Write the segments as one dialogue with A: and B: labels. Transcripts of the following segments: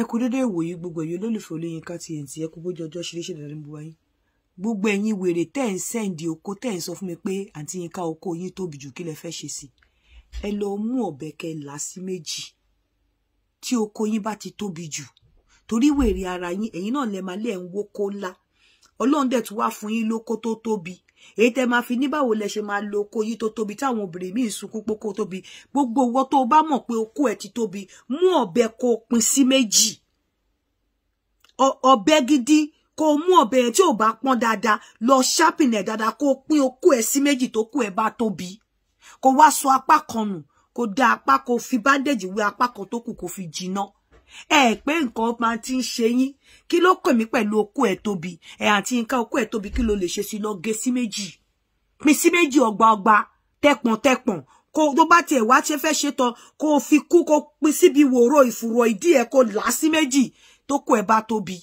A: ẹ kú dédé ìwòyí gbogbo ẹ̀yin olólùfẹ́ Olóyinka TNT ẹ kú bójú ọjọ́ ṣeréṣe dandan ní gbogbo ayé gbogbo ẹ̀yin wèrè tẹ́ ẹ̀ ń sẹ́ǹdì oko tẹ́ ń sọ fún mi pé àǹtí Yinka oko yín tóbi jù kí lẹ fẹ́ ṣe sí ẹ lọ mú ọ̀bẹ kẹ́ sí méjì tí oko yín bá ti tóbi jù torí wèrè ara yín ẹ̀yin náà lẹ máa lẹ ń wóko ńlá Ọlọ́run dẹ̀ tún wá fún yín lóko tó tóbi èyí tẹ máa fi ní báwo lẹ ṣe máa lo oko yìí tó tóbi táwọn obìnrin míì sunkún pé kó tóbi gbogbo owó tó bá mọ̀ pé oko ẹ̀ ti tóbi mú ọ̀bẹ kó pín sí méjì ọ̀bẹ gidi kó mú ọ̀bẹ yẹn tí ò bá pọ́n dáadáa lọ ṣápìn ẹ̀ dáadáa kó oko ẹ̀ sí méjì tó kù ẹ̀ bá tóbi kó wá sọ apá kan nù kó dá apá fi báńdẹ̀jì wé apá kan tó kù kó fi jiná ẹ pé nǹkan máa ti ń ṣe yín kí ló kàn mí pẹ̀lú okó ẹ̀ tóbi ẹ àti nǹkan okó ẹ̀ tóbi kí ló lè ṣe sí lọ gé sí méjì pín sí méjì ọgbà ọgbà tẹpọn tẹpọn kó tó bá tiẹ̀ wá ṣe fẹ́ ṣe tán kó o fi kú kó pín síbi wòró ìfùrọ̀ ìdí ẹ̀ kó là á sí méjì tó kó ẹ̀ bá tóbi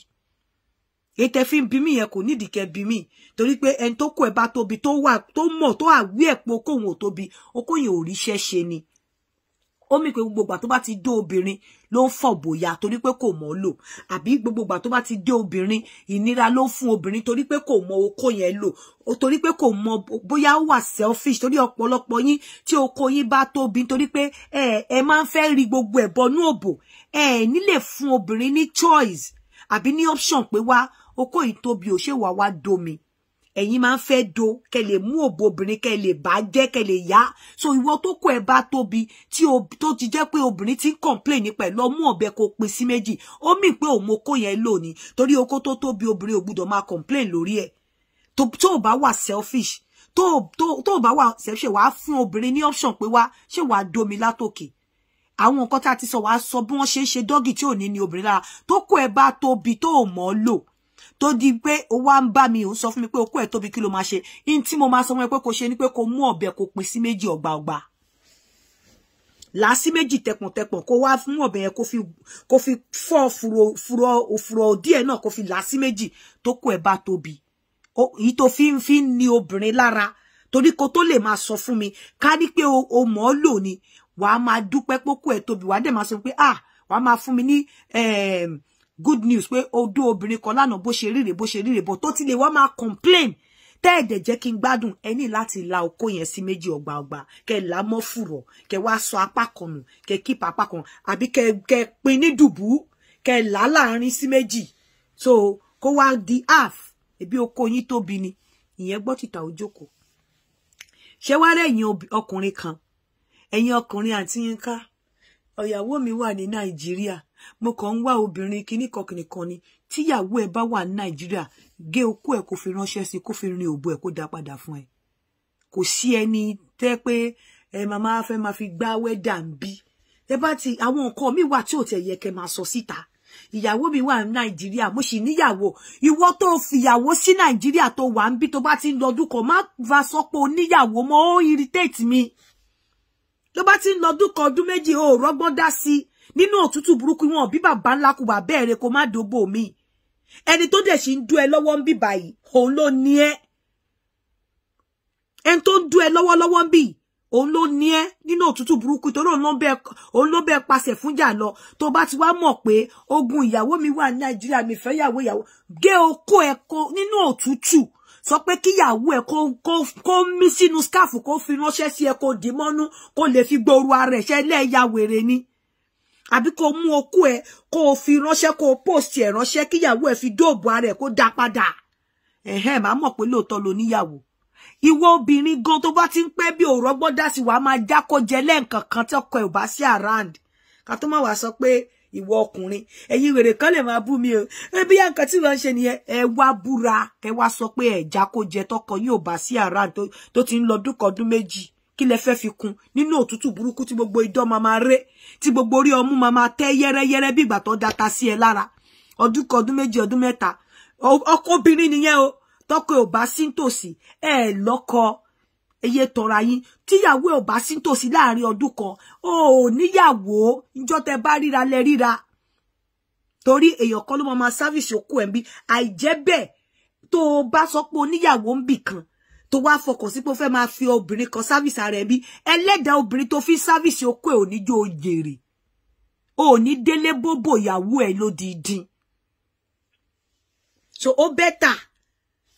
A: ètè fi ń bí mi yẹn kò nídìí kẹ bí mi torí pé ẹni tó kó ẹ̀ bá tóbi tó wà tó mọ̀ tó àwí ẹ̀ pé okòwò tóbi okòyìn ò ríṣẹ́ ṣe ni ó mì pé gbogbo ìgbà tó bá ti dé obìnrin ló ń fọ̀ bòyà torí pé kò mọ̀ ọ́ lò àbí gbogbo ìgbà tó bá ti dé obìnrin ìnira ló ń fún obìnrin torí pé kò mọ̀ okó yẹn lò torí pé kò mọ̀ bóyá ó wà selfish torí ọ̀pọ̀lọpọ̀ yín tí okó yín bá tóbi torí pé ẹ ẹ máa ń fẹ́ rí gbogbo ẹ̀ òbò ẹ nílè fún obìnrin ní choice àbí ní option pé wá okó yìí tóbi ò ṣe wà wá domi ẹ̀yin máa ń fẹ́ do kẹ́ lè mú òbò obìnrin kẹ́ lè bá jẹ́ kẹ́ lè yá so ìwọ tó kọ ẹ bá tóbi tí o tó ti jẹ́ pé obìnrin ti ń complain nípa ẹ̀ lọ mú ọ̀bẹ kó pín sí méjì ó mì pé òun okó yẹn lò ní torí okó tó tóbi obìnrin ò gbúdọ̀ máa complain lórí ẹ̀ tó o bá wà selfish tó o bá wà selfish wàá fún obìnrin ní option pé wá ṣé wàá domi látòkè àwọn nǹkan tá a ti sọ wàá sọ bí wọ́n ṣe ń ṣe dọ́gì tí ò ní ní obìnrin lára tó kọ ẹ bá tóbi tó ò mọ̀ lò tó di pé ó wá ń bá mi ò ń sọ fún mi pé okó ẹ̀ tóbi kí ló máa ṣe in tí mo máa sọ fún pé kò ṣe ni pé kò mú ọ̀bẹ kò pín sí méjì ọ̀gbà ọ̀gbà là sí méjì tẹpọ̀ntẹpọ̀ kó wá mú ọ̀bẹ yẹn kó fi kó fi fọ́ furo furo òfurọ díẹ̀ náà kó fi là méjì tó kó ẹ̀ bá tóbi èyí tó fi ń fi ń ni obìnrin lára torí kó tó lè máa sọ fún mi ká ní pé o mọ̀ ọ́ lò ni wàá máa dúpẹ́ pókó ẹ̀ tóbi wàá dẹ̀ máa sọ pé ah wàá máa fún mi ní eh, good news pé odó obìnrin kan lánàá bo ṣe ríre bo ṣe ríre bọ̀ tó ti lè wá máa complain tẹ́ de jẹ́ kí n gbádùn ẹ ní láti la okó yẹn sí méjì ọgbà ọgbà ke là mọ́ fùrọ̀ ke wá sọ apá ke nù kẹ́ kíp apá kan pin ní dùbú kẹ́ là láàrin sí méjì so ko wá di half ebi okó to tóbi ni ìyẹn gbọ́ tìta òjòkó ṣé wá rẹ̀yìn ọkùnrin kan ẹ̀yin ọkùnrin àti yín ká ọ̀yàwó mi wà ní nàìjíríà mo kàn ń wá obìnrin kinní kan kìnìkan ni tíyàwó ẹ bá wà ní nàìjíríà gé okó ẹ kó fi ránṣẹ́ sí kó fi rin òbò ẹ kó dá padà fún ẹ kò sí ẹni tẹ pé ẹ màmá fẹ́ máa fi gbá wẹdà ń bí ẹ bá ti àwọn nǹkan mi wà tí ò tẹ yẹ kẹ́ máa sọ síta ìyàwó mi wà ní nàìjíríà mo sì níyàwó ìwọ tó fìyàwó sí nàìjíríà tó wà ń bí tó bá ti ń lọdún kan má va sọ pé oníyàwó mọ́ ó irritate mi tó bá ti ń lọdún kan ọdún méjì ó rọ́gbọ́n dá sí i nínú òtútù burúkú wọn bí bàbá ńlá kù wà bẹ́ẹ̀ re kó má dógbò mi ẹni tó dẹ̀ sì ń dú ẹ lọ́wọ́ ń bì báyìí òun ló ní ẹ ẹni tó ń dú ẹ lọ́wọ́lọ́wọ́ ń bì òun ló ní ẹ nínú òtútù burúkú tó lóun ló bẹ pàṣẹ fúnjà lọ tó bá ti wá mọ̀ pé ogun ìyàwó mi wà ní nàìjíríà mi fẹ́ yàwó ìyàwó gé okó ẹ kó nínú òtútù sọ pé kíyàwó ẹ kó mí sínú skáàfù kó fi ránṣẹ́ sí ẹ kó dì mọ́nú kó lè fi gbòòrò ara ẹ̀ ṣẹlẹ̀ ya wèrè ni àbí kó mú okú ẹ kó o fi ránṣẹ́ kó o post ẹ ránṣẹ́ kíyàwó ẹ fi dóòbò ara ẹ kó dá padà ẹ̀hẹ́n màá mọ̀ pé lóòótọ́ lo níyàwó ìwọ obìnrin gan tó bá ti ń pẹ́ bí òòrọ̀ gbọ́dá sí wàá máa jákó jẹ lẹ́ǹkan kan tí ọkọ ẹ̀ ò bá sí around ká tó má wàá sọ pé ìwọ ọkùnrin ẹ̀yin wèrè kan lè máa bú mi o ebi yá nǹkan tí wọ́n ń ṣe nìyẹn ẹ wá búra ẹ wá sọ pé ẹ̀ jákó jẹ tọkọ yóò bá sí around tó ti ń lọ ọdún méjì kí lẹ fẹ́ fi kún nínú òtútù burúkú tí gbogbo idọ́ máa máa ré tí gbogbo orí ọmú máa máa tẹ́ yẹ́rẹ́yẹ́rẹ́ bí ìgbà tó data sí ẹ lára ọdún kan ọdún méjì ọdún mẹ́ta ọkọ nìyẹn o tọkọ ò bá sí nítòsí ẹ lọ́kọ eye tọra yín tíyàwó ò bá sí nítòsí láàrin ọdún kan o ò níyàwó níjọ́ tẹ bá ríra lẹ ríra torí èèyàn kan ló máa máa sáfìsì òkú ẹ ń bí àìjẹ́ bẹ́ẹ̀ tó o bá sọ pé oníyàwó ń bì kan tó wá fọkàn sí pé ó fẹ́ máa fi obìnrin kan sáfíìsì ara ẹ̀ bí ẹlẹ́dàá obìnrin tó fi sáfíìsì okó ẹ̀ òní jó jèrè òní délé bóbò ìyàwó ẹ̀ lódìdín so o bẹ́tà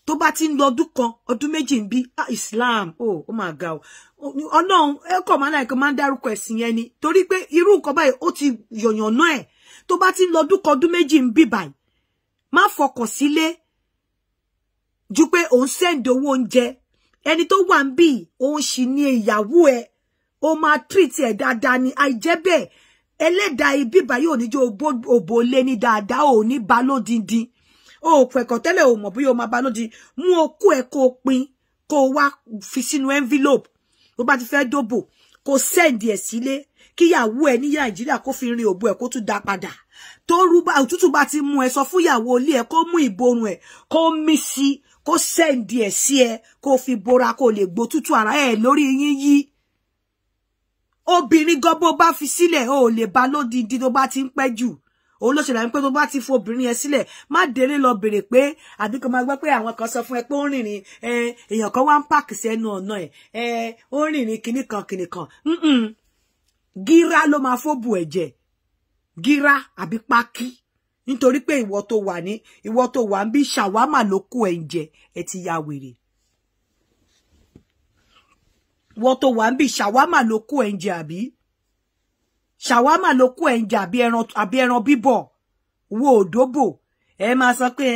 A: tó bá ti ń lọ kan ọdún méjì ń bí ah, Islam oh oh my God o Ọlọ́run ẹ kọ̀ máa láìka máa ń dárúkọ ẹ̀sìn yẹn ni torí pé irú nǹkan báyìí ó ti yọ̀yàn náà ẹ̀ tó bá ti ń lọ kan ọdún méjì ń bí báyìí má fọkàn ju pé òun sẹ́ǹdì owó oúnjẹ ẹni tó wà ń bì òun sì ni ìyàwó ẹ o máa treat ẹ dáadáa ni àìjẹ́ bẹ́ẹ̀ ẹlẹ́dàá ibi báyìí ò ní jẹ́ òbò lé ní dáadáa ò ní ba lódindin o ò pẹ̀kọ̀ tẹ́lẹ̀ ò mọ̀ bí o máa ba lódindin mú okú ẹ kó o pin kó o wá fi sínú envelope bó bá ti fẹ́ dóbò kó send ẹ̀ sílé kíyàwó ẹ ní Nàìjíríà kó fi rin òbò ẹ kó tún dá padà torú bá òtútù bá ti mú ẹ sọ fún ìyàwó ilé ẹ kó mú ìborùn ẹ kó mí sí kó sẹ́ǹdì ẹ̀ sí ẹ kó fi bora kó lè gbó tútù ara ẹ lórí yín yí obìnrin gan bó bá fi sílẹ̀ o lè ba lódindi tó bá ti ń pẹ́ jù òun ló ṣèlàyé pé tó bá ti fo obìnrin yẹn sílẹ̀ má délé lọ bèrè pé àbí kan máa gbọ́ pé àwọn kan sọ fún ẹ pé ó ń rìnrìn èèyàn kan wá ń pààkì sí ẹnu ọ̀nà ẹ̀ ó rìnrìn kìnnìkan kìnnìkan gíra ló máa fóbù ẹ̀jẹ̀ gírá àbí pákí nítorí pé ìwọ tó wà ní ìwọ tó wà ń bí ṣàwámà ló kó ẹ̀ ẹ ti ya wèrè ìwọ tó wà ń bí ṣàwámà ló kó ẹ̀ ń jẹ àbí ṣàwámà ló kó ẹ̀ ń jẹ àbí ẹran bíbọ̀ wo òdóbò ẹ máa sọ pé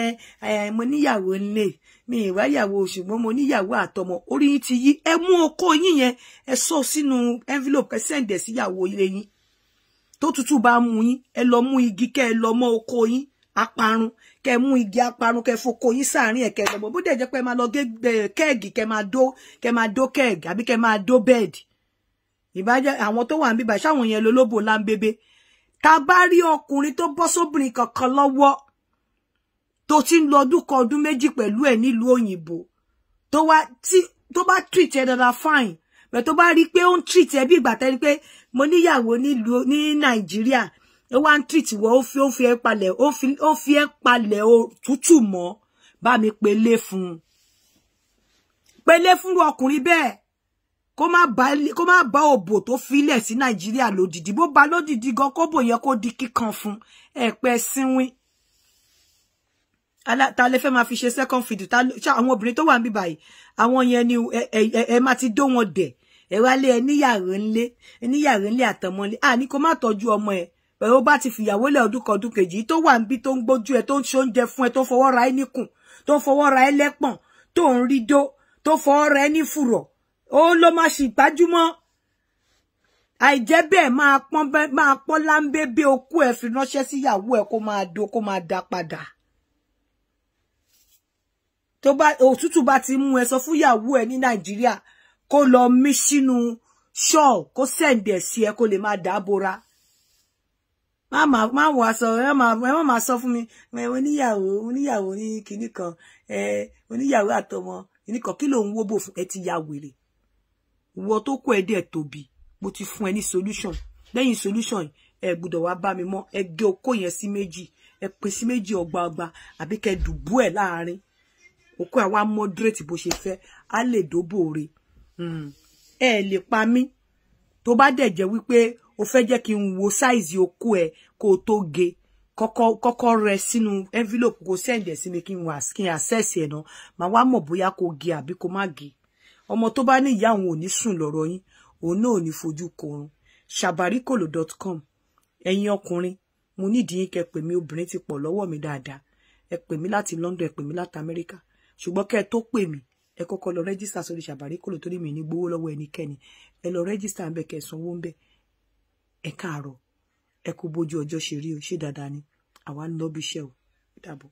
A: mo níyàwó nílé mi ìwáyàwó ṣùgbọ́n mo níyàwó àtọmọ orí yín ti yí ẹ mú okó yín yẹn ẹ sọ sínú envelope ẹ sẹ́ǹdẹ̀ síyàwó ilé yín tó tútù bá mú yín ẹ lọ mú igi kẹ́ ẹ lọ mọ́ oko yín aparun kẹ́ mú igi aparun kẹ́ foko yín sáàrin ẹ kẹ́ lọ mọ́ bó dẹ̀ jẹ́ pé máa lọ gé eh, kẹ́ẹ̀gì kẹ́ máa dó kẹ́ máa dó kẹ́ẹ̀gì àbí kẹ́ máa dó bẹ́ẹ̀dì ìbájẹ́ àwọn tó wà ń bíbà ṣáwọn yẹn lólóbò láńbébé tá bá rí ọkùnrin tó bọ́ sóbìnrin kankan lọ́wọ́ tó ti ń lọ ọdún kan ọdún méjì pẹ̀lú ẹ̀ nílùú òyìnbó tó wá tí tó bá treat ẹ dáadáa fine bẹ̀ tó bá rí pé ó ń treat ẹ bí ìgbà tẹ́ni pé mo níyàwó nílùú ní nàìjíríà ó wá ń treat wọ ó fi ó fi ẹ palẹ̀ ó fi ó fi ẹ palẹ̀ òtútù mọ́ bá mi pele fún un pele fún ọkùnrin bẹ́ẹ̀ kó má bá kó má bá òbò tó filẹ̀ sí nàìjíríà lódìdí bó ba lódìdí gan kóbò yẹ kó di kíkan fún ẹ̀pẹ́ sínwín ta lè fẹ́ máa fi ṣe second feed ta àwọn obìnrin tó wà níbí báyìí àwọn yẹn ni ẹ má ti dó wọn dẹ̀ ẹ wá lé ẹ níyàwó ńlé ẹ níyàwó ńlé àtọmọlé à ní kó má tọ́jú ọmọ ẹ pẹ̀lú bá ti fìyàwó lẹ̀ ọdún kan ọdún kejì tó wà níbí tó ń gbójú ẹ tó ń ṣe oúnjẹ fún ẹ tó fọwọ́ ra ẹ níkùn tó fọwọ́ ra ẹ lẹ́pọ̀n tó ń rí dó tó fọwọ́ ra ẹ ní fùrọ̀ ó ló má sì gbájúmọ́ àìjẹ́ bẹ́ẹ̀ máa pọ́n máa pọ́n láńbébé okú ẹ fi ránṣẹ́ síyàwó ẹ kó máa do kó máa dá padà tó bá òtútù bá ti mú ẹ sọ fún yàwó ẹ ní nàìjíríà kó lọ mí sínú ṣọ́ọ̀ kó sẹ́ǹdì ẹ̀ sí ma kó lè ma dábora má wà sọ ẹ má má sọ fún mi oníyàwó oníyàwó ní kinní kan oníyàwó àtọmọ kinní kan kí ló ń wóbò fún ẹ ti ya wèrè wọ tó kọ ẹ dẹ tóbi mo ti fún ẹ ní solution lẹ́yìn solution ẹ gbọ́dọ̀ wá bá mi mọ́ ẹ gé okó yẹn sí méjì ẹ pín sí méjì ọgbà ọgbà àbí kẹ dùbú ẹ láàárín okó ẹ wá moderate bó ṣe fẹ́ á lè dóbò rẹ̀ ẹ lè pa mí tó bá dẹ̀ jẹ́ wípé o fẹ́ jẹ́ kí n wo sáìzì okó ẹ kó o tó ge kọ́kọ́ rẹ sínú envelope kó send ẹ̀ sí mi kí n wà kí n access ẹ̀ náà màá wá mọ̀ bóyá kó ge àbí kó má ge ọmọ tó bá ní ìyá òun ò ní sùn lọ́rọ̀ yín òun náà ò ní fojú korun ṣàbáríkòlò dot com ẹ̀yin ọkùnrin mo nídìí yín kẹ pè mí obìnrin ti pọ̀ lọ́wọ́ mi dáadáa ẹ pè mí láti London ẹ pè mí láti Amẹ́ríkà ṣùgbọ́n kẹ́ tó pè mí ẹ kọ́kọ́ lọ rẹ́gísítà sórí ṣàbàríkòlò torí mi ní gbowó lọ́wọ́ ẹnikẹ́ni ẹ lọ rẹ́gísítà ńbẹ kẹ́ sanwó ńbẹ ẹ káàárọ̀ ẹ kú bójú ọjọ́ ṣe rí o ṣé dáadáa ni àwa ń lọ bí iṣẹ́ o dàbọ̀.